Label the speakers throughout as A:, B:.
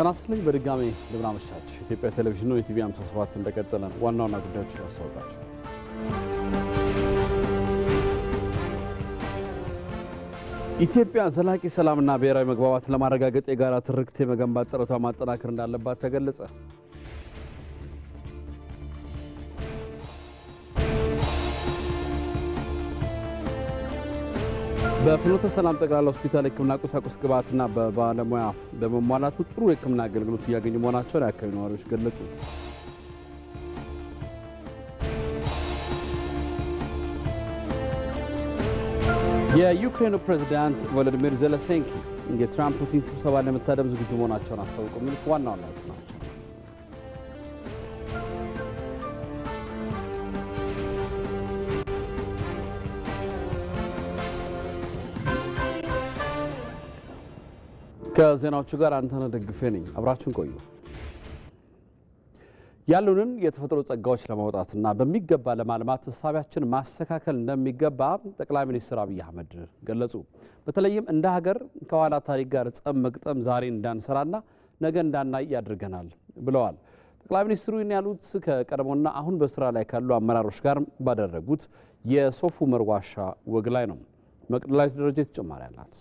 A: ጤና ይስጥልኝ። በድጋሚ እንደምን አመሻችሁ። ኢትዮጵያ ቴሌቪዥን ነው። የቲቪ 57 እንደቀጠለ ነው። ዋና ዋና ጉዳዮች ያስታውቃችሁ። ኢትዮጵያ ዘላቂ ሰላምና ብሔራዊ መግባባት ለማረጋገጥ የጋራ ትርክት የመገንባት ጥረቷ ማጠናከር እንዳለባት ተገለጸ። በፍኖተ ሰላም ጠቅላላ ሆስፒታል የህክምና ቁሳቁስ ግብዓትና በባለሙያ በመሟላቱ ጥሩ የህክምና አገልግሎት እያገኙ መሆናቸውን የአካባቢ ነዋሪዎች ገለጹ። የዩክሬኑ ፕሬዝዳንት ቮሎዲሚር ዘለሴንኪ የትራምፕ ፑቲን ስብሰባ ለመታደም ዝግጁ መሆናቸውን አስታወቁ። የሚሉት ዋና ዋናዎች ናቸው። ከዜናዎቹ ጋር አንተነህ ደግፌ ነኝ። አብራችሁን ቆዩ። ያሉንን የተፈጥሮ ጸጋዎች ለማውጣትና በሚገባ ለማልማት እሳቢያችን ማስተካከል እንደሚገባ ጠቅላይ ሚኒስትር አብይ አህመድ ገለጹ። በተለይም እንደ ሀገር ከኋላ ታሪክ ጋር ጸብ መግጠም ዛሬ እንዳንሰራና ነገ እንዳናይ ያደርገናል ብለዋል። ጠቅላይ ሚኒስትሩ ይህን ያሉት ከቀድሞና አሁን በስራ ላይ ካሉ አመራሮች ጋር ባደረጉት የሶፍ ዑመር ዋሻ ወግ ላይ ነው። መቅደላዊት ደረጃ ተጨማሪ አላት።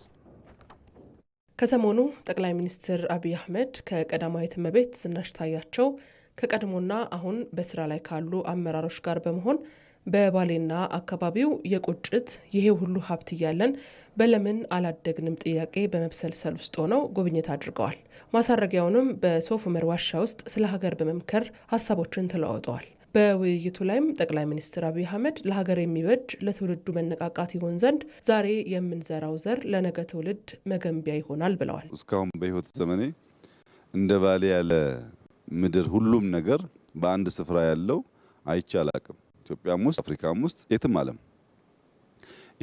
B: ከሰሞኑ ጠቅላይ ሚኒስትር አብይ አህመድ ከቀዳማዊት እመቤት ዝናሽ ታያቸው ከቀድሞና አሁን በስራ ላይ ካሉ አመራሮች ጋር በመሆን በባሌና አካባቢው የቁጭት ይሄ ሁሉ ሀብት እያለን በለምን አላደግንም ጥያቄ በመብሰልሰል ውስጥ ሆነው ጉብኝት አድርገዋል። ማሳረጊያውንም በሶፍ ዑመር ዋሻ ውስጥ ስለ ሀገር በመምከር ሀሳቦችን ተለዋውጠዋል። በውይይቱ ላይም ጠቅላይ ሚኒስትር አብይ አህመድ ለሀገር የሚበጅ ለትውልዱ መነቃቃት ይሆን ዘንድ ዛሬ የምንዘራው ዘር ለነገ ትውልድ መገንቢያ ይሆናል ብለዋል።
C: እስካሁን በህይወት ዘመኔ እንደ ባሌ ያለ ምድር ሁሉም ነገር በአንድ ስፍራ ያለው አይቼ አላቅም። ኢትዮጵያም ውስጥ አፍሪካም ውስጥ የትም ዓለም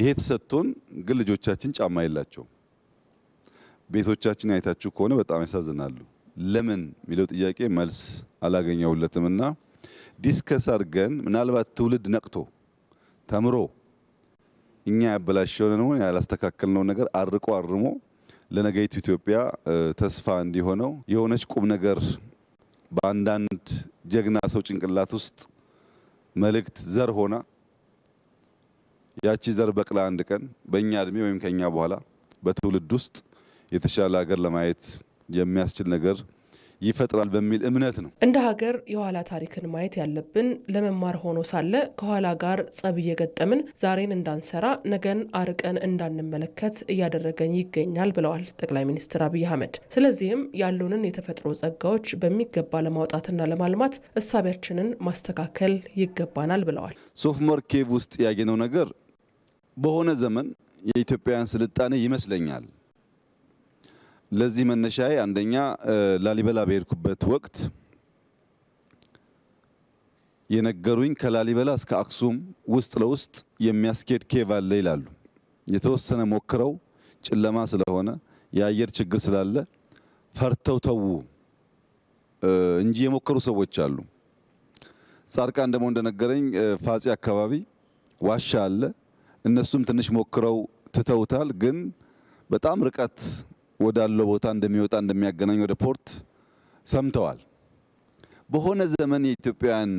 C: ይሄ ተሰጥቶን ግን ልጆቻችን ጫማ የላቸውም። ቤቶቻችን አይታችሁ ከሆነ በጣም ያሳዝናሉ። ለምን የሚለው ጥያቄ መልስ አላገኘሁለትምና ዲስከስ አድርገን ምናልባት ትውልድ ነቅቶ ተምሮ እኛ ያበላሸውን ነው ያላስተካከልነው ነገር አርቆ አርሞ ለነገይቱ ኢትዮጵያ ተስፋ እንዲሆነው የሆነች ቁም ነገር በአንዳንድ ጀግና ሰው ጭንቅላት ውስጥ መልእክት ዘር ሆና ያቺ ዘር በቅላ አንድ ቀን በእኛ እድሜ ወይም ከኛ በኋላ በትውልድ ውስጥ የተሻለ ሀገር ለማየት የሚያስችል ነገር ይፈጥራል በሚል እምነት ነው።
B: እንደ ሀገር የኋላ ታሪክን ማየት ያለብን ለመማር ሆኖ ሳለ ከኋላ ጋር ጸብ እየገጠምን ዛሬን እንዳንሰራ ነገን አርቀን እንዳንመለከት እያደረገን ይገኛል ብለዋል ጠቅላይ ሚኒስትር አብይ አህመድ። ስለዚህም ያሉንን የተፈጥሮ ጸጋዎች በሚገባ ለማውጣትና ለማልማት እሳቢያችንን ማስተካከል ይገባናል ብለዋል።
C: ሶፍመር ኬቭ ውስጥ ያገነው ነገር በሆነ ዘመን የኢትዮጵያውያን ስልጣኔ ይመስለኛል ለዚህ መነሻዬ አንደኛ ላሊበላ በሄድኩበት ወቅት የነገሩኝ ከላሊበላ እስከ አክሱም ውስጥ ለውስጥ የሚያስኬድ ኬቭ አለ ይላሉ። የተወሰነ ሞክረው ጨለማ ስለሆነ የአየር ችግር ስላለ ፈርተው ተዉ እንጂ የሞከሩ ሰዎች አሉ። ጻድቃን ደግሞ እንደነገረኝ ፋጺ አካባቢ ዋሻ አለ። እነሱም ትንሽ ሞክረው ትተውታል። ግን በጣም ርቀት ወዳለው ቦታ እንደሚወጣ እንደሚያገናኝ ወደ ፖርት ሰምተዋል። በሆነ ዘመን የኢትዮጵያውያን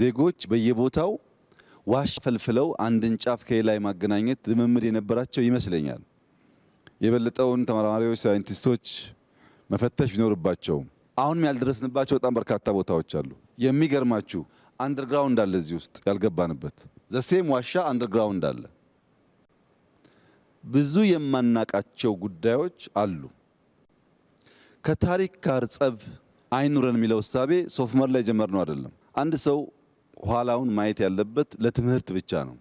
C: ዜጎች በየቦታው ዋሻ ፈልፍለው አንድን ጫፍ ከሌላ የማገናኘት ልምምድ የነበራቸው ይመስለኛል። የበለጠውን ተመራማሪዎች፣ ሳይንቲስቶች መፈተሽ ቢኖርባቸውም አሁንም ያልደረስንባቸው በጣም በርካታ ቦታዎች አሉ። የሚገርማችሁ አንደርግራውንድ አለ እዚህ ውስጥ ያልገባንበት። ዘሴም ዋሻ አንደርግራውንድ አለ። ብዙ የማናቃቸው ጉዳዮች አሉ። ከታሪክ ጋር ጸብ አይኑረን የሚለው እሳቤ ሶፍመር ላይ ነው አይደለም። አንድ ሰው ኋላውን ማየት ያለበት ለትምህርት ብቻ ነው።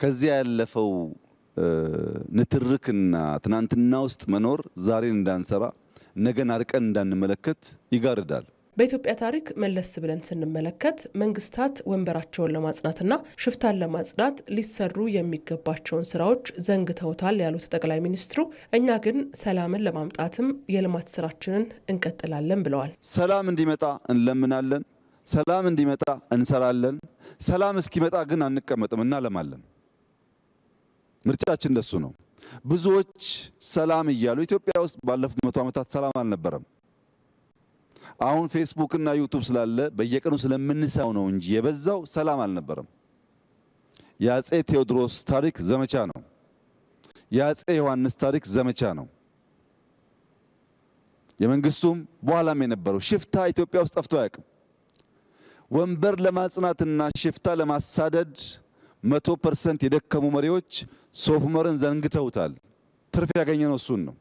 C: ከዚያ ያለፈው ንትርክና ትናንትና ውስጥ መኖር ዛሬን እንዳንሰራ፣ ነገን አርቀን እንዳንመለከት ይጋርዳል።
B: በኢትዮጵያ ታሪክ መለስ ብለን ስንመለከት መንግስታት ወንበራቸውን ለማጽናትና ሽፍታን ለማጽናት ሊሰሩ የሚገባቸውን ስራዎች ዘንግተውታል ያሉት ጠቅላይ ሚኒስትሩ እኛ ግን ሰላምን ለማምጣትም የልማት ስራችንን እንቀጥላለን ብለዋል።
C: ሰላም እንዲመጣ እንለምናለን። ሰላም እንዲመጣ እንሰራለን። ሰላም እስኪመጣ ግን አንቀመጥም፣ እናለማለን። ምርጫችን እንደሱ ነው። ብዙዎች ሰላም እያሉ ኢትዮጵያ ውስጥ ባለፉት መቶ ዓመታት ሰላም አልነበረም። አሁን ፌስቡክ እና ዩቱብ ስላለ በየቀኑ ስለምንሳው ነው እንጂ የበዛው ሰላም አልነበረም። የአጼ ቴዎድሮስ ታሪክ ዘመቻ ነው። የአጼ ዮሐንስ ታሪክ ዘመቻ ነው። የመንግስቱም በኋላም የነበረው ሽፍታ ኢትዮጵያ ውስጥ ጠፍቶ አያውቅም። ወንበር ለማጽናትና ሽፍታ ለማሳደድ መቶ ፐርሰንት የደከሙ መሪዎች ሶፍ ዑመርን ዘንግተውታል። ትርፍ ያገኘነው እሱን ነው።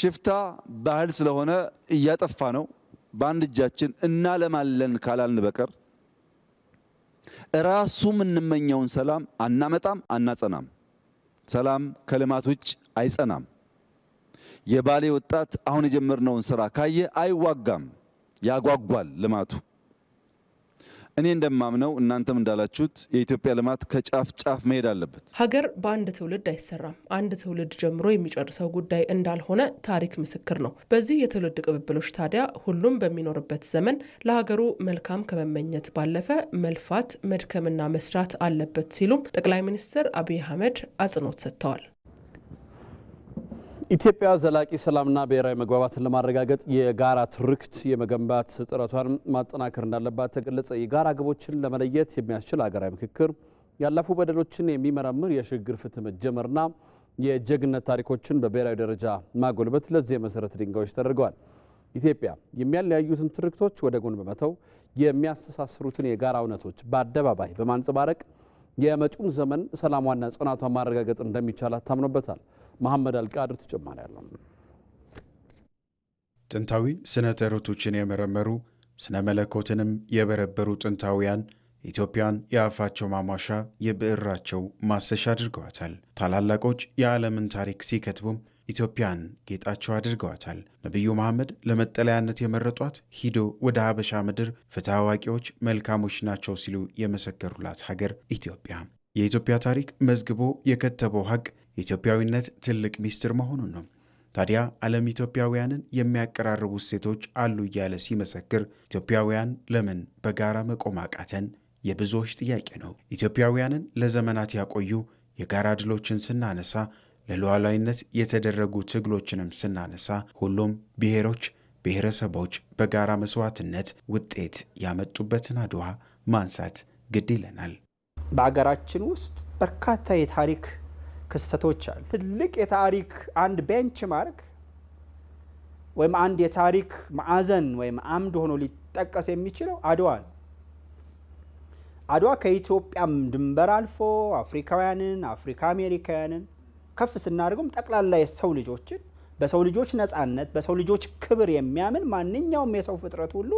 C: ሽፍታ ባህል ስለሆነ እያጠፋ ነው። በአንድ እጃችን እናለማለን ካላልን በቀር እራሱ የምንመኘውን ሰላም አናመጣም፣ አናጸናም። ሰላም ከልማት ውጭ አይጸናም። የባሌ ወጣት አሁን የጀመርነውን ስራ ካየ አይዋጋም፣ ያጓጓል ልማቱ እኔ እንደማምነው እናንተም እንዳላችሁት የኢትዮጵያ ልማት ከጫፍ ጫፍ መሄድ አለበት።
B: ሀገር በአንድ ትውልድ አይሰራም፣ አንድ ትውልድ ጀምሮ የሚጨርሰው ጉዳይ እንዳልሆነ ታሪክ ምስክር ነው። በዚህ የትውልድ ቅብብሎች ታዲያ ሁሉም በሚኖርበት ዘመን ለሀገሩ መልካም ከመመኘት ባለፈ መልፋት፣ መድከምና መስራት አለበት ሲሉም ጠቅላይ ሚኒስትር አብይ አህመድ አጽንኦት ሰጥተዋል።
A: ኢትዮጵያ ዘላቂ ሰላምና ብሔራዊ መግባባትን ለማረጋገጥ የጋራ ትርክት የመገንባት ጥረቷን ማጠናከር እንዳለባት ተገለጸ። የጋራ ግቦችን ለመለየት የሚያስችል ሀገራዊ ምክክር፣ ያለፉ በደሎችን የሚመረምር የሽግግር ፍትህ መጀመርና የጀግነት ታሪኮችን በብሔራዊ ደረጃ ማጎልበት ለዚህ የመሰረት ድንጋዮች ተደርገዋል። ኢትዮጵያ የሚያለያዩትን ትርክቶች ወደ ጎን በመተው የሚያስተሳስሩትን የጋራ እውነቶች በአደባባይ በማንጸባረቅ የመጪውን ዘመን ሰላሟና ጽናቷን ማረጋገጥ እንደሚቻል ታምኖበታል። መሐመድ አልቃድር ተጨማሪ ያለው
D: ጥንታዊ ስነ ተረቶችን የመረመሩ ስነ መለኮትንም የበረበሩ ጥንታውያን ኢትዮጵያን የአፋቸው ማሟሻ የብዕራቸው ማሰሻ አድርገዋታል። ታላላቆች የዓለምን ታሪክ ሲከትቡም ኢትዮጵያን ጌጣቸው አድርገዋታል። ነቢዩ መሐመድ ለመጠለያነት የመረጧት ሂዶ ወደ ሀበሻ ምድር ፍትህ አዋቂዎች መልካሞች ናቸው ሲሉ የመሰከሩላት ሀገር ኢትዮጵያ የኢትዮጵያ ታሪክ መዝግቦ የከተበው ሀቅ የኢትዮጵያዊነት ትልቅ ሚስጥር መሆኑን ነው። ታዲያ ዓለም ኢትዮጵያውያንን የሚያቀራርቡ እሴቶች አሉ እያለ ሲመሰክር ኢትዮጵያውያን ለምን በጋራ መቆም አቃተን? የብዙዎች ጥያቄ ነው። ኢትዮጵያውያንን ለዘመናት ያቆዩ የጋራ ድሎችን ስናነሳ፣ ለሉዓላዊነት የተደረጉ ትግሎችንም ስናነሳ ሁሉም ብሔሮች፣ ብሔረሰቦች በጋራ መስዋዕትነት ውጤት ያመጡበትን አድዋ ማንሳት ግድ ይለናል።
E: በአገራችን ውስጥ በርካታ የታሪክ ክስተቶች አሉ።
D: ትልቅ የታሪክ አንድ ቤንች ማርክ ወይም አንድ የታሪክ ማዕዘን ወይም አምድ ሆኖ ሊጠቀስ የሚችለው አድዋ ነው። አድዋ ከኢትዮጵያም ድንበር አልፎ አፍሪካውያንን፣ አፍሪካ አሜሪካውያንን ከፍ ስናደርገውም ጠቅላላ የሰው ልጆችን በሰው ልጆች ነጻነት፣ በሰው ልጆች ክብር የሚያምን ማንኛውም የሰው ፍጥረት ሁሉ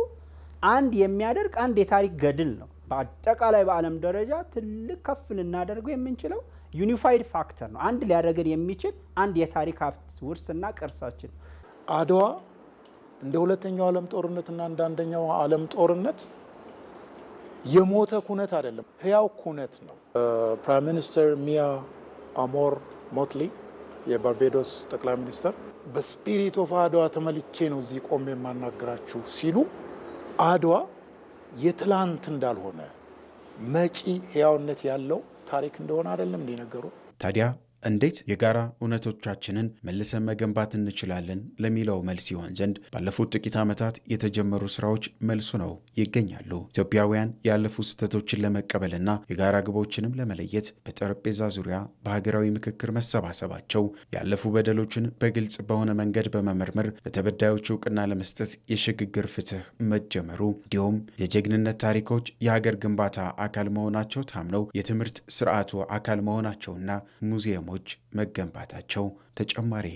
D: አንድ የሚያደርግ አንድ የታሪክ ገድል ነው። በአጠቃላይ በዓለም ደረጃ ትልቅ ከፍ ልናደርገው የምንችለው ዩኒፋይድ ፋክተር ነው። አንድ ሊያደርገን የሚችል አንድ የታሪክ ሀብት ውርስና ቅርሳችን አድዋ እንደ ሁለተኛው ዓለም ጦርነትና እንደ አንደኛው ዓለም ጦርነት የሞተ ኩነት አይደለም፣ ህያው ኩነት ነው። ፕራይም ሚኒስተር ሚያ አሞር ሞትሊ የባርቤዶስ ጠቅላይ ሚኒስተር በስፒሪት ኦፍ አድዋ ተመልቼ ነው እዚህ ቆም የማናገራችሁ ሲሉ አድዋ የትላንት እንዳልሆነ መጪ ህያውነት ያለው ታሪክ እንደሆነ አይደለም እንዲነገሩ ታዲያ እንዴት የጋራ እውነቶቻችንን መልሰን መገንባት እንችላለን ለሚለው መልስ ይሆን ዘንድ ባለፉት ጥቂት ዓመታት የተጀመሩ ስራዎች መልሱ ነው ይገኛሉ። ኢትዮጵያውያን ያለፉ ስህተቶችን ለመቀበልና የጋራ ግቦችንም ለመለየት በጠረጴዛ ዙሪያ በሀገራዊ ምክክር መሰባሰባቸው ያለፉ በደሎችን በግልጽ በሆነ መንገድ በመመርመር ለተበዳዮች እውቅና ለመስጠት የሽግግር ፍትህ መጀመሩ እንዲሁም የጀግንነት ታሪኮች የሀገር ግንባታ አካል መሆናቸው ታምነው የትምህርት ስርዓቱ አካል መሆናቸውና ሙዚየሙ ተቋሞች መገንባታቸው ተጨማሪ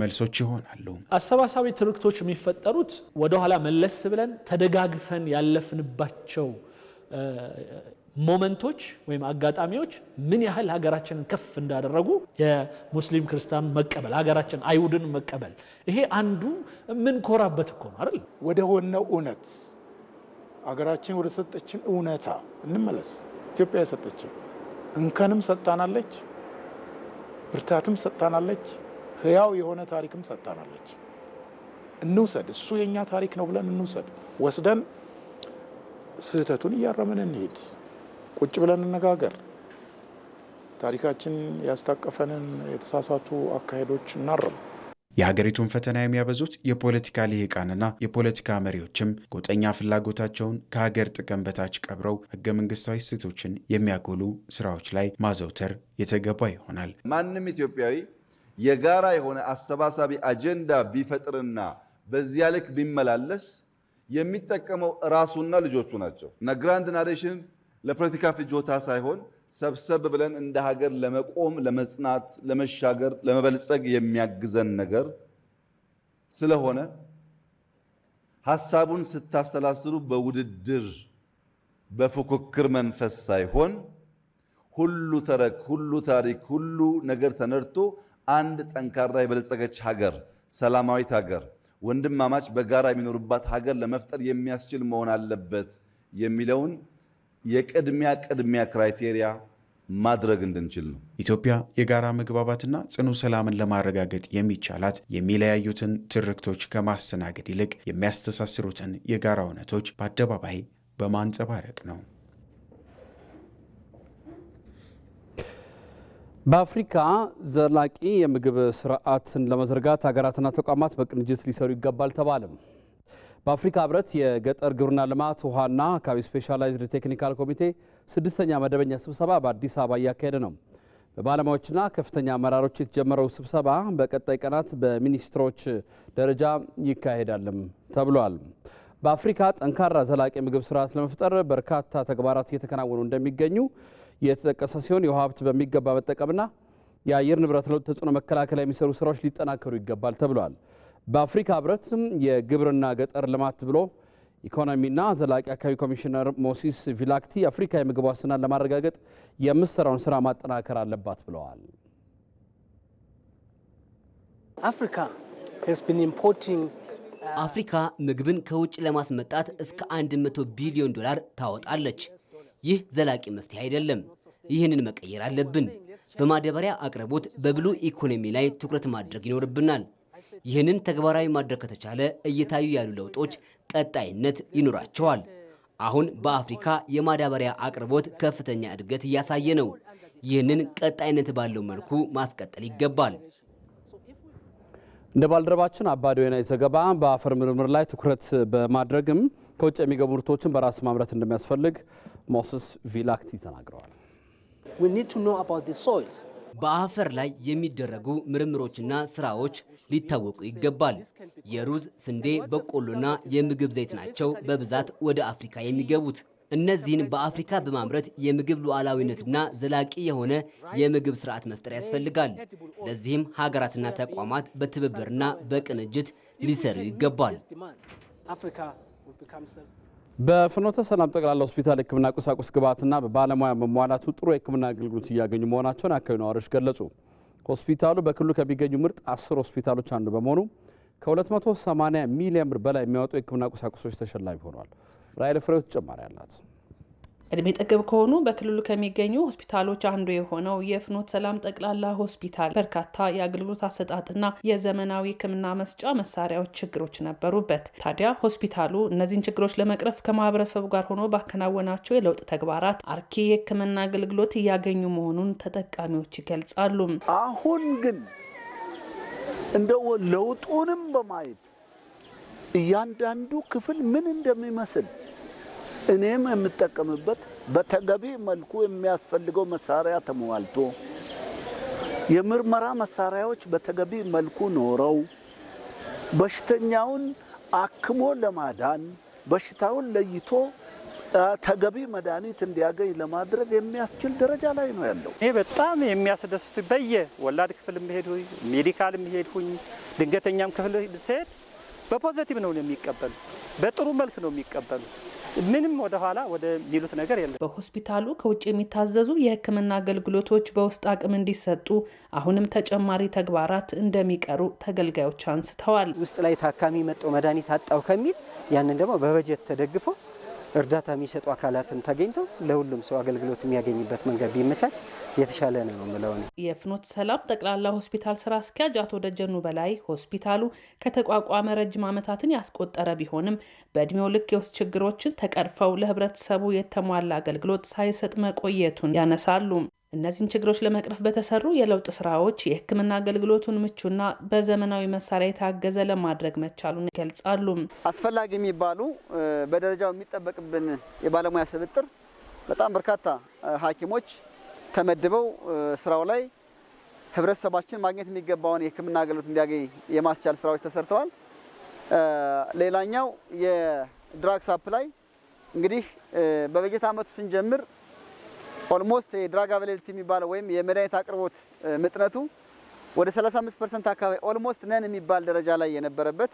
D: መልሶች ይሆናሉ።
A: አሰባሳቢ ትርክቶች የሚፈጠሩት ወደኋላ መለስ ብለን ተደጋግፈን ያለፍንባቸው ሞመንቶች ወይም አጋጣሚዎች ምን ያህል ሀገራችንን ከፍ እንዳደረጉ የሙስሊም
D: ክርስቲያን መቀበል ሀገራችን አይሁድን መቀበል ይሄ አንዱ የምንኮራበት እኮ ነው አይደል? ወደ ሆነው እውነት ሀገራችን ወደ ሰጠችን እውነታ እንመለስ። ኢትዮጵያ የሰጠችን እንከንም ሰጥታናለች። ብርታትም ሰጥታናለች። ህያው የሆነ ታሪክም ሰጥታናለች። እንውሰድ፣ እሱ የእኛ ታሪክ ነው ብለን እንውሰድ። ወስደን ስህተቱን እያረመን እንሄድ። ቁጭ ብለን እነጋገር ታሪካችን ያስታቀፈንን የተሳሳቱ አካሄዶች እናርም። የሀገሪቱን ፈተና የሚያበዙት የፖለቲካ ልሂቃንና የፖለቲካ መሪዎችም ጎጠኛ ፍላጎታቸውን ከሀገር ጥቅም በታች ቀብረው ህገ መንግስታዊ እሴቶችን የሚያጎሉ ስራዎች ላይ ማዘውተር የተገባ ይሆናል።
C: ማንም ኢትዮጵያዊ የጋራ የሆነ አሰባሳቢ አጀንዳ ቢፈጥርና በዚያ ልክ ቢመላለስ የሚጠቀመው ራሱና ልጆቹ ናቸው እና ግራንድ ናሬሽን ለፖለቲካ ፍጆታ ሳይሆን ሰብሰብ ብለን እንደ ሀገር ለመቆም ለመጽናት፣ ለመሻገር፣ ለመበልጸግ የሚያግዘን ነገር ስለሆነ ሐሳቡን ስታሰላስሉ በውድድር በፉክክር መንፈስ ሳይሆን ሁሉ ተረክ፣ ሁሉ ታሪክ፣ ሁሉ ነገር ተነድቶ አንድ ጠንካራ የበለጸገች ሀገር፣ ሰላማዊት ሀገር፣ ወንድማማች በጋራ የሚኖሩባት ሀገር ለመፍጠር የሚያስችል መሆን አለበት የሚለውን የቅድሚያ ቅድሚያ ክራይቴሪያ ማድረግ እንድንችል ነው።
D: ኢትዮጵያ የጋራ መግባባትና ጽኑ ሰላምን ለማረጋገጥ የሚቻላት የሚለያዩትን ትርክቶች ከማስተናገድ ይልቅ የሚያስተሳስሩትን የጋራ እውነቶች በአደባባይ በማንጸባረቅ ነው። በአፍሪካ
A: ዘላቂ የምግብ ስርዓትን ለመዘርጋት ሀገራትና ተቋማት በቅንጅት ሊሰሩ ይገባል ተባለም። በአፍሪካ ህብረት የገጠር ግብርና ልማት ውሃና አካባቢ ስፔሻላይዝድ ቴክኒካል ኮሚቴ ስድስተኛ መደበኛ ስብሰባ በአዲስ አበባ እያካሄደ ነው። በባለሙያዎችና ከፍተኛ አመራሮች የተጀመረው ስብሰባ በቀጣይ ቀናት በሚኒስትሮች ደረጃ ይካሄዳልም ተብሏል። በአፍሪካ ጠንካራ ዘላቂ ምግብ ስርዓት ለመፍጠር በርካታ ተግባራት እየተከናወኑ እንደሚገኙ የተጠቀሰ ሲሆን የውሃ ሀብት በሚገባ መጠቀምና የአየር ንብረት ለውጥ ተጽዕኖ መከላከል የሚሰሩ ስራዎች ሊጠናከሩ ይገባል ተብሏል። በአፍሪካ ህብረት የግብርና ገጠር ልማት ብሎ ኢኮኖሚና ዘላቂ አካባቢ ኮሚሽነር ሞሲስ ቪላክቲ አፍሪካ የምግብ ዋስትናን ለማረጋገጥ የምትሰራውን ስራ ማጠናከር አለባት ብለዋል።
F: አፍሪካ uh, ምግብን ከውጭ ለማስመጣት እስከ 100 ቢሊዮን ዶላር ታወጣለች። ይህ ዘላቂ መፍትሄ አይደለም። ይህንን መቀየር አለብን። በማዳበሪያ አቅርቦት፣ በብሉ ኢኮኖሚ ላይ ትኩረት ማድረግ ይኖርብናል። ይህንን ተግባራዊ ማድረግ ከተቻለ እየታዩ ያሉ ለውጦች ቀጣይነት ይኖራቸዋል። አሁን በአፍሪካ የማዳበሪያ አቅርቦት ከፍተኛ እድገት እያሳየ ነው። ይህንን ቀጣይነት ባለው መልኩ ማስቀጠል ይገባል።
A: እንደ ባልደረባችን አባዶ የናይ ዘገባ በአፈር ምርምር ላይ ትኩረት በማድረግም ከውጭ የሚገቡ ምርቶችን በራስ ማምረት እንደሚያስፈልግ ሞስስ ቪላክቲ
F: ተናግረዋል። በአፈር ላይ የሚደረጉ ምርምሮችና ስራዎች ሊታወቁ ይገባል። የሩዝ ስንዴ፣ በቆሎና የምግብ ዘይት ናቸው በብዛት ወደ አፍሪካ የሚገቡት። እነዚህን በአፍሪካ በማምረት የምግብ ሉዓላዊነትና ዘላቂ የሆነ የምግብ ስርዓት መፍጠር ያስፈልጋል። ለዚህም ሀገራትና ተቋማት በትብብርና በቅንጅት ሊሰሩ ይገባል።
A: በፍኖተ ሰላም ጠቅላላ ሆስፒታል የሕክምና ቁሳቁስ ግብዓትና በባለሙያ መሟላቱ ጥሩ የሕክምና አገልግሎት እያገኙ መሆናቸውን አካባቢ ነዋሪዎች ገለጹ። ሆስፒታሉ በክልሉ ከሚገኙ ምርጥ አስር ሆስፒታሎች አንዱ በመሆኑ ከ280 ሚሊዮን ብር በላይ የሚያወጡ የሕክምና ቁሳቁሶች ተሸላሚ ሆኗል። ራይል ፍሬው ተጨማሪ አላት።
G: እድሜ ጠገብ ከሆኑ በክልሉ ከሚገኙ ሆስፒታሎች አንዱ የሆነው የፍኖት ሰላም ጠቅላላ ሆስፒታል በርካታ የአገልግሎት አሰጣጥና የዘመናዊ ሕክምና መስጫ መሳሪያዎች ችግሮች ነበሩበት። ታዲያ ሆስፒታሉ እነዚህን ችግሮች ለመቅረፍ ከማህበረሰቡ ጋር ሆኖ ባከናወናቸው የለውጥ ተግባራት አርኪ የሕክምና አገልግሎት እያገኙ መሆኑን ተጠቃሚዎች ይገልጻሉ። አሁን ግን
C: እንደው ለውጡንም በማየት እያንዳንዱ ክፍል ምን እንደሚመስል እኔም የምጠቀምበት በተገቢ መልኩ የሚያስፈልገው መሳሪያ ተሟልቶ የምርመራ መሳሪያዎች በተገቢ መልኩ ኖረው በሽተኛውን አክሞ ለማዳን በሽታውን ለይቶ ተገቢ መድኃኒት እንዲያገኝ
E: ለማድረግ የሚያስችል ደረጃ ላይ ነው ያለው። ይህ በጣም የሚያስደስት በየ ወላድ ክፍል የሚሄድ ሜዲካል የሚሄድ ሁኝ ድንገተኛም ክፍል ስሄድ በፖዘቲቭ ነው የሚቀበሉ፣ በጥሩ መልክ ነው የሚቀበሉ። ምንም ወደኋላ ወደሚሉት ነገር የለም።
G: በሆስፒታሉ ከውጭ የሚታዘዙ የሕክምና አገልግሎቶች በውስጥ አቅም እንዲሰጡ አሁንም ተጨማሪ ተግባራት እንደሚቀሩ ተገልጋዮች አንስተዋል። ውስጥ ላይ
E: ታካሚ መጦ መድኃኒት አጣው ከሚል ያንን ደግሞ በበጀት ተደግፈው እርዳታ የሚሰጡ አካላትም ተገኝተው ለሁሉም ሰው አገልግሎት የሚያገኝበት መንገድ ቢመቻች የተሻለ ነው ምለው ነው።
G: የፍኖት ሰላም ጠቅላላ ሆስፒታል ስራ አስኪያጅ አቶ ደጀኑ በላይ ሆስፒታሉ ከተቋቋመ ረጅም ዓመታትን ያስቆጠረ ቢሆንም በእድሜው ልክ የውስጥ ችግሮችን ተቀርፈው ለህብረተሰቡ የተሟላ አገልግሎት ሳይሰጥ መቆየቱን ያነሳሉ። እነዚህን ችግሮች ለመቅረፍ በተሰሩ የለውጥ ስራዎች የሕክምና አገልግሎቱን ምቹና በዘመናዊ መሳሪያ የታገዘ ለማድረግ መቻሉን ይገልጻሉ። አስፈላጊ
E: የሚባሉ በደረጃው የሚጠበቅብን የባለሙያ ስብጥር በጣም በርካታ ሐኪሞች ተመድበው ስራው ላይ ህብረተሰባችን ማግኘት የሚገባውን የሕክምና አገልግሎት እንዲያገኝ የማስቻል ስራዎች ተሰርተዋል። ሌላኛው የድራግ ሳፕላይ እንግዲህ በበጀት ዓመቱ ስንጀምር ኦልሞስት የድራግ አቬሌብሊቲ የሚባለው ወይም የመድኃኒት አቅርቦት ምጥነቱ ወደ 35 ፐርሰንት አካባቢ ኦልሞስት ነን የሚባል ደረጃ ላይ የነበረበት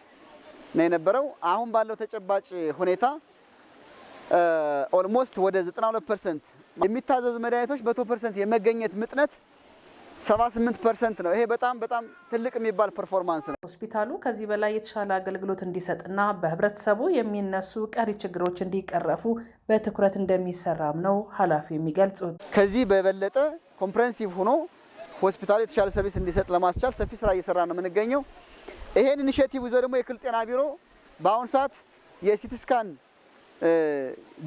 E: ነው የነበረው። አሁን ባለው ተጨባጭ ሁኔታ ኦልሞስት ወደ 92 ፐርሰንት የሚታዘዙ መድኃኒቶች በመቶ ፐርሰንት የመገኘት ምጥነት 78 ፐርሰንት ነው። ይሄ በጣም
G: በጣም ትልቅ የሚባል ፐርፎርማንስ ነው። ሆስፒታሉ ከዚህ በላይ የተሻለ አገልግሎት እንዲሰጥና በህብረተሰቡ የሚነሱ ቀሪ ችግሮች እንዲቀረፉ በትኩረት እንደሚሰራም ነው ኃላፊው የሚገልጹት።
E: ከዚህ በበለጠ ኮምፕሬንሲቭ ሆኖ ሆስፒታሉ የተሻለ ሰርቪስ እንዲሰጥ ለማስቻል ሰፊ ስራ እየሰራ ነው የምንገኘው። ይሄን ኢኒሽቲቭ ይዞ ደግሞ የክልል ጤና ቢሮ በአሁኑ ሰዓት የሲቲስካን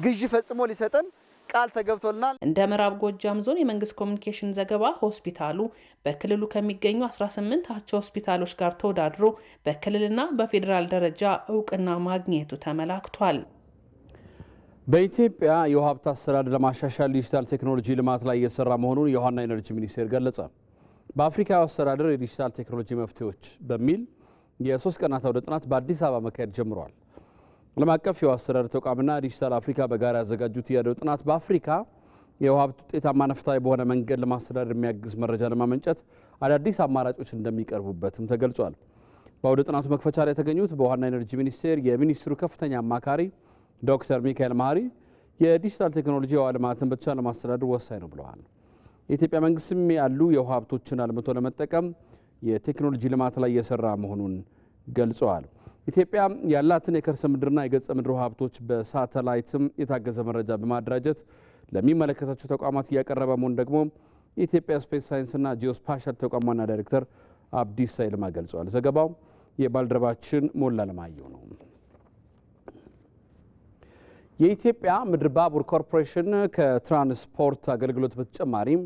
E: ግዢ ፈጽሞ ሊሰጠን ቃል ተገብቶልናል።
G: እንደ ምዕራብ ጎጃም ዞን የመንግስት ኮሚኒኬሽን ዘገባ ሆስፒታሉ በክልሉ ከሚገኙ 18 አቻ ሆስፒታሎች ጋር ተወዳድሮ በክልልና በፌዴራል ደረጃ እውቅና ማግኘቱ ተመላክቷል።
A: በኢትዮጵያ የውሃ ሀብት አስተዳደር ለማሻሻል ዲጂታል ቴክኖሎጂ ልማት ላይ እየተሰራ መሆኑን የውሃና ኤነርጂ ሚኒስቴር ገለጸ። በአፍሪካ አስተዳደር የዲጂታል ቴክኖሎጂ መፍትሄዎች በሚል የሶስት ቀናት አውደ ጥናት በአዲስ አበባ መካሄድ ጀምረዋል። ዓለም አቀፍ የውሃ አስተዳደር ተቋምና ዲጂታል አፍሪካ በጋራ ያዘጋጁት ያለው ጥናት በአፍሪካ የውሃ ሀብት ውጤታማና በሆነ መንገድ ለማስተዳደር የሚያግዝ መረጃ ለማመንጨት አዳዲስ አማራጮች እንደሚቀርቡበትም ተገልጿል። በአውደ ጥናቱ መክፈቻ ላይ የተገኙት በውሃና ኢነርጂ ሚኒስቴር የሚኒስትሩ ከፍተኛ አማካሪ ዶክተር ሚካኤል መሀሪ የዲጂታል ቴክኖሎጂ የውሃ ልማትን በተቻለ ለማስተዳደር ወሳኝ ነው ብለዋል። የኢትዮጵያ መንግስትም ያሉ የውሃ ሀብቶችን አልምቶ ለመጠቀም የቴክኖሎጂ ልማት ላይ እየሰራ መሆኑን ገልጸዋል። ኢትዮጵያ ያላትን የከርሰ ምድርና የገጸ ምድር ሀብቶች በሳተላይትም የታገዘ መረጃ በማደራጀት ለሚመለከታቸው ተቋማት እያቀረበ መሆን ደግሞ የኢትዮጵያ ስፔስ ሳይንስና ጂኦስፓሻል ተቋም ዋና ዳይሬክተር አብዲስ ሳይልማ ገልጸዋል። ዘገባው የባልደረባችን ሞላ ለማየሁ ነው። የኢትዮጵያ ምድር ባቡር ኮርፖሬሽን ከትራንስፖርት አገልግሎት በተጨማሪም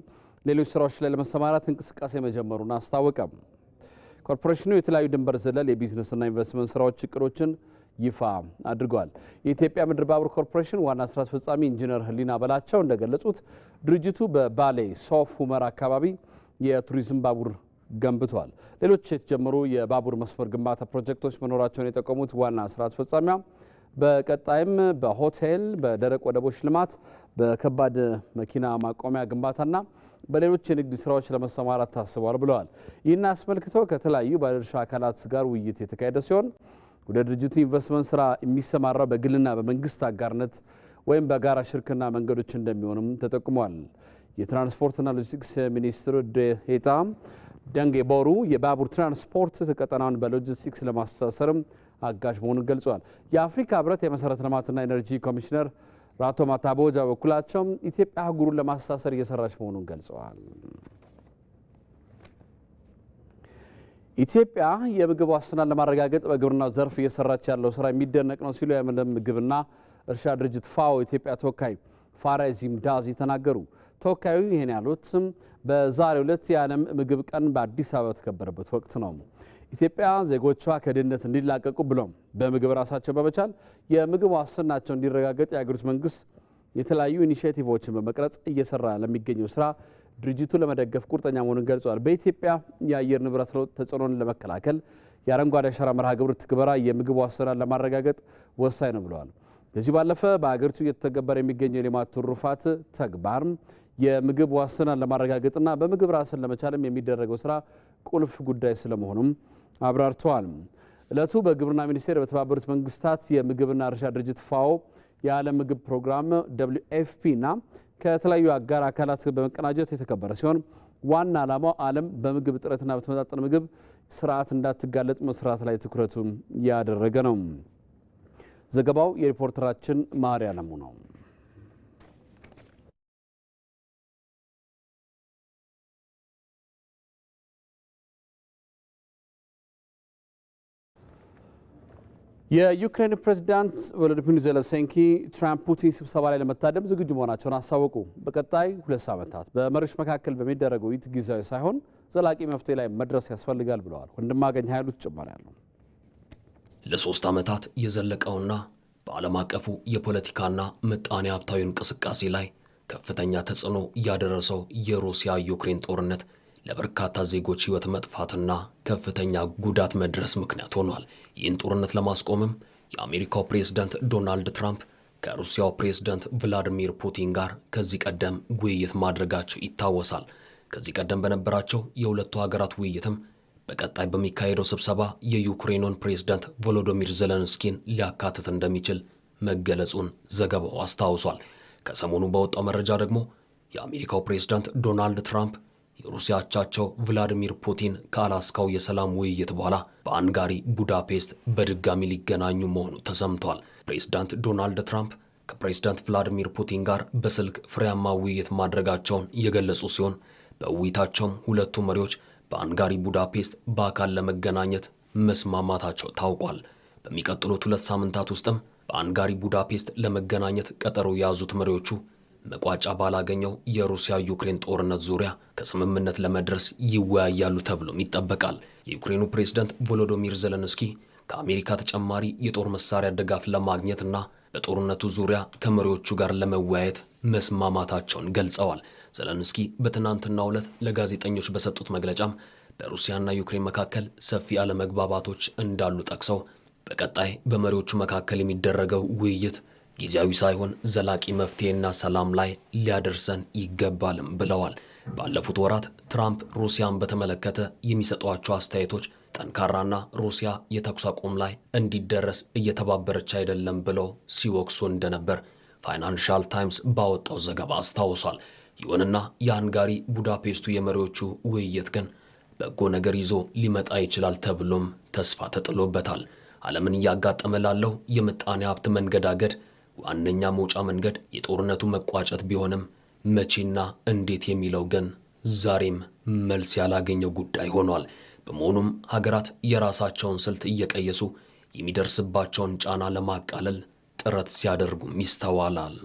A: ሌሎች ስራዎች ላይ ለመሰማራት እንቅስቃሴ መጀመሩን አስታወቀም። ኮርፖሬሽኑ የተለያዩ ድንበር ዘለል የቢዝነስና ኢንቨስትመንት ስራዎች እቅዶችን ይፋ አድርገዋል። የኢትዮጵያ ምድር ባቡር ኮርፖሬሽን ዋና ስራ አስፈጻሚ ኢንጂነር ህሊና በላቸው እንደገለጹት ድርጅቱ በባሌ ሶፍ ሁመር አካባቢ የቱሪዝም ባቡር ገንብቷል። ሌሎች የተጀመሩ የባቡር መስመር ግንባታ ፕሮጀክቶች መኖራቸውን የጠቆሙት ዋና ስራ አስፈጻሚዋ በቀጣይም በሆቴል፣ በደረቅ ወደቦች ልማት፣ በከባድ መኪና ማቆሚያ ግንባታና በሌሎች የንግድ ስራዎች ለመሰማራት ታስቧል ብለዋል። ይህን አስመልክቶ ከተለያዩ ባለድርሻ አካላት ጋር ውይይት የተካሄደ ሲሆን ወደ ድርጅቱ ኢንቨስትመንት ስራ የሚሰማራው በግልና በመንግስት አጋርነት ወይም በጋራ ሽርክና መንገዶች እንደሚሆንም ተጠቁሟል። የትራንስፖርትና ሎጂስቲክስ ሚኒስትር ዴኤታ ደንጌ ቦሩ የባቡር ትራንስፖርት ቀጠናውን በሎጂስቲክስ ለማስተሳሰርም አጋዥ መሆኑን ገልጿል። የአፍሪካ ህብረት የመሰረተ ልማትና ኢነርጂ ኮሚሽነር አቶ ማታቦጃ በኩላቸውም ኢትዮጵያ አህጉሩን ለማስተሳሰር እየሰራች መሆኑን ገልጸዋል። ኢትዮጵያ የምግብ ዋስትናን ለማረጋገጥ በግብርና ዘርፍ እየሰራች ያለው ስራ የሚደነቅ ነው ሲሉ የዓለም ምግብና እርሻ ድርጅት ፋኦ ኢትዮጵያ ተወካይ ፋራይ ዚምዳዚ ተናገሩ። ተወካዩ ይህን ያሉትም በዛሬው ዕለት የዓለም ምግብ ቀን በአዲስ አበባ በተከበረበት ወቅት ነው። ኢትዮጵያ ዜጎቿ ከድህነት እንዲላቀቁ ብሎም በምግብ ራሳቸው በመቻል የምግብ ዋስትናቸው እንዲረጋገጥ የአገር ውስጥ መንግስት የተለያዩ ኢኒሽቲቮችን በመቅረጽ እየሰራ ለሚገኘው ስራ ድርጅቱ ለመደገፍ ቁርጠኛ መሆኑን ገልጿል። በኢትዮጵያ የአየር ንብረት ለውጥ ተጽዕኖን ለመከላከል የአረንጓዴ አሻራ መርሃ ግብር ትግበራ የምግብ ዋስትናን ለማረጋገጥ ወሳኝ ነው ብለዋል። ከዚህ ባለፈ በሀገሪቱ እየተተገበረ የሚገኘው የልማት ትሩፋት ተግባር የምግብ ዋስትናን ለማረጋገጥና በምግብ ራስን ለመቻልም የሚደረገው ስራ ቁልፍ ጉዳይ ስለመሆኑም አብራርተዋል። እለቱ በግብርና ሚኒስቴር በተባበሩት መንግስታት የምግብና እርሻ ድርጅት ፋኦ የዓለም ምግብ ፕሮግራም ደብሊው ኤፍፒ እና ከተለያዩ አጋር አካላት በመቀናጀት የተከበረ ሲሆን ዋና ዓላማው ዓለም በምግብ እጥረትና በተመጣጠነ ምግብ ስርዓት እንዳትጋለጥ መስራት ላይ ትኩረቱ ያደረገ ነው። ዘገባው የሪፖርተራችን ማሪ አለሙ ነው።
E: የዩክሬን ፕሬዝዳንት
A: ቮሎዲሚር ዘለንስኪ ትራምፕ ፑቲን ስብሰባ ላይ ለመታደም ዝግጁ መሆናቸውን አስታወቁ። በቀጣይ ሁለት ሳምንታት በመሪዎች መካከል በሚደረገው ውይይት ጊዜያዊ ሳይሆን ዘላቂ መፍትሄ ላይ መድረስ ያስፈልጋል ብለዋል። ወንድማገኝ ኃይሉ ተጨማሪ ያለው
F: ለሶስት ዓመታት የዘለቀውና በዓለም አቀፉ የፖለቲካና ምጣኔ ሀብታዊ እንቅስቃሴ ላይ ከፍተኛ ተጽዕኖ ያደረሰው የሩሲያ ዩክሬን ጦርነት ለበርካታ ዜጎች ህይወት መጥፋትና ከፍተኛ ጉዳት መድረስ ምክንያት ሆኗል። ይህን ጦርነት ለማስቆምም የአሜሪካው ፕሬዝዳንት ዶናልድ ትራምፕ ከሩሲያው ፕሬዝዳንት ቭላዲሚር ፑቲን ጋር ከዚህ ቀደም ውይይት ማድረጋቸው ይታወሳል። ከዚህ ቀደም በነበራቸው የሁለቱ ሀገራት ውይይትም በቀጣይ በሚካሄደው ስብሰባ የዩክሬኑን ፕሬዝዳንት ቮሎዶሚር ዘለንስኪን ሊያካትት እንደሚችል መገለጹን ዘገባው አስታውሷል። ከሰሞኑ በወጣው መረጃ ደግሞ የአሜሪካው ፕሬዝዳንት ዶናልድ ትራምፕ የሩሲያ አቻቸው ቭላዲሚር ፑቲን ከአላስካው የሰላም ውይይት በኋላ በአንጋሪ ቡዳፔስት በድጋሚ ሊገናኙ መሆኑ ተሰምቷል። ፕሬዚዳንት ዶናልድ ትራምፕ ከፕሬዝዳንት ቭላዲሚር ፑቲን ጋር በስልክ ፍሬያማ ውይይት ማድረጋቸውን የገለጹ ሲሆን በውይይታቸውም ሁለቱ መሪዎች በአንጋሪ ቡዳፔስት በአካል ለመገናኘት መስማማታቸው ታውቋል። በሚቀጥሉት ሁለት ሳምንታት ውስጥም በአንጋሪ ቡዳፔስት ለመገናኘት ቀጠሮ የያዙት መሪዎቹ መቋጫ ባላገኘው የሩሲያ ዩክሬን ጦርነት ዙሪያ ከስምምነት ለመድረስ ይወያያሉ ተብሎም ይጠበቃል። የዩክሬኑ ፕሬዝዳንት ቮሎዶሚር ዘለንስኪ ከአሜሪካ ተጨማሪ የጦር መሳሪያ ድጋፍ ለማግኘትና በጦርነቱ ዙሪያ ከመሪዎቹ ጋር ለመወያየት መስማማታቸውን ገልጸዋል። ዘለንስኪ በትናንትናው ዕለት ለጋዜጠኞች በሰጡት መግለጫም በሩሲያና ዩክሬን መካከል ሰፊ አለመግባባቶች እንዳሉ ጠቅሰው በቀጣይ በመሪዎቹ መካከል የሚደረገው ውይይት ጊዜያዊ ሳይሆን ዘላቂ መፍትሄና ሰላም ላይ ሊያደርሰን ይገባልም ብለዋል። ባለፉት ወራት ትራምፕ ሩሲያን በተመለከተ የሚሰጧቸው አስተያየቶች ጠንካራና ሩሲያ የተኩስ አቁም ላይ እንዲደረስ እየተባበረች አይደለም ብለው ሲወቅሱ እንደነበር ፋይናንሻል ታይምስ ባወጣው ዘገባ አስታውሷል። ይሁንና የሃንጋሪ ቡዳፔስቱ የመሪዎቹ ውይይት ግን በጎ ነገር ይዞ ሊመጣ ይችላል ተብሎም ተስፋ ተጥሎበታል። ዓለምን እያጋጠመ ላለው የምጣኔ ሀብት መንገዳገድ ዋነኛ መውጫ መንገድ የጦርነቱ መቋጨት ቢሆንም መቼና እንዴት የሚለው ግን ዛሬም መልስ ያላገኘው ጉዳይ ሆኗል። በመሆኑም ሀገራት የራሳቸውን ስልት እየቀየሱ የሚደርስባቸውን ጫና ለማቃለል ጥረት ሲያደርጉም ይስተዋላል።